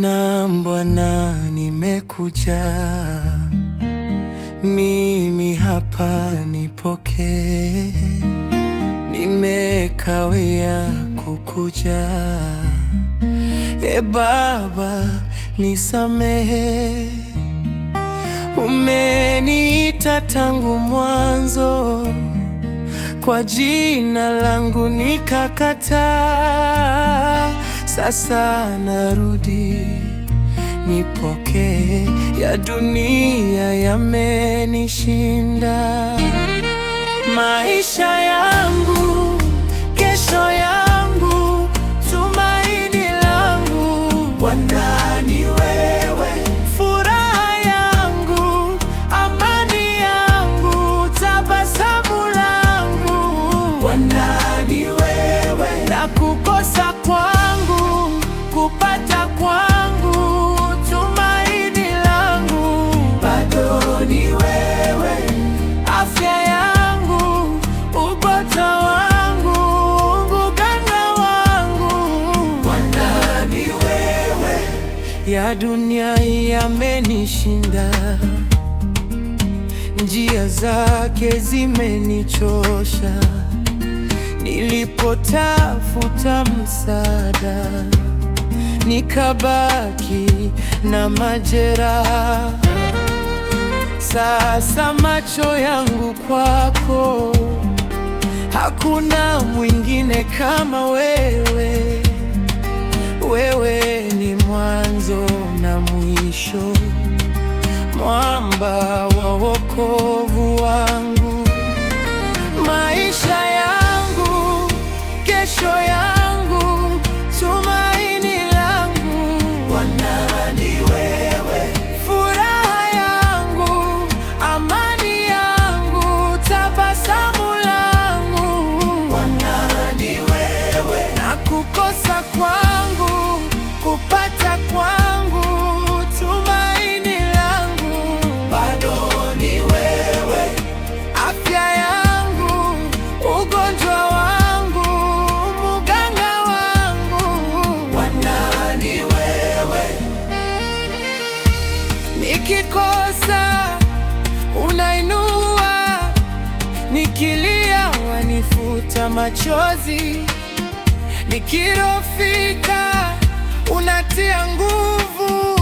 na Bwana, nimekuja mimi hapa, nipokee. Nimekawia kukuja, e Baba, nisamehe. Umeniita tangu mwanzo, kwa jina langu nikakataa sasa narudi, nipokee ya dunia yamenishinda maisha ya kwangu, tumaini langu bado ni wewe, afya yangu, upoto wangu, uganga wangu, Bwana ni wewe. Ya dunia yamenishinda, njia zake zimenichosha, nilipotafuta msaada nikabaki na majeraha. Sasa macho yangu kwako, hakuna mwingine kama wewe. Wewe ni mwanzo na mwisho, mwamba wa wokovu wangu. kukosa kwangu, kupata kwangu, tumaini langu bado ni wewe, afya yangu, ugonjwa wangu, muganga wangu, ni wewe, nikikosa unainua, nikilia wanifuta machozi Nikirofika unatia nguvu,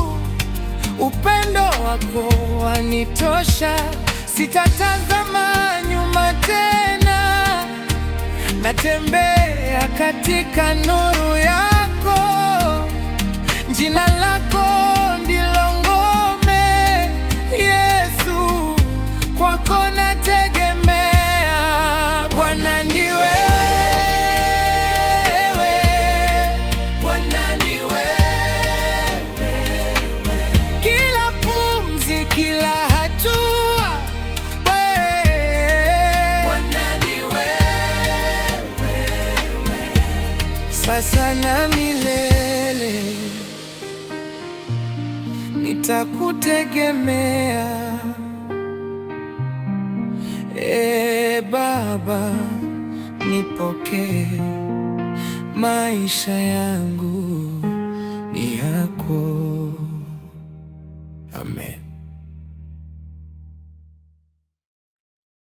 upendo wako wanitosha, sitatazama nyuma tena, natembea katika nuru yako jina sasa na milele, nitakutegemea e Baba, nipokee, maisha yangu ni yako.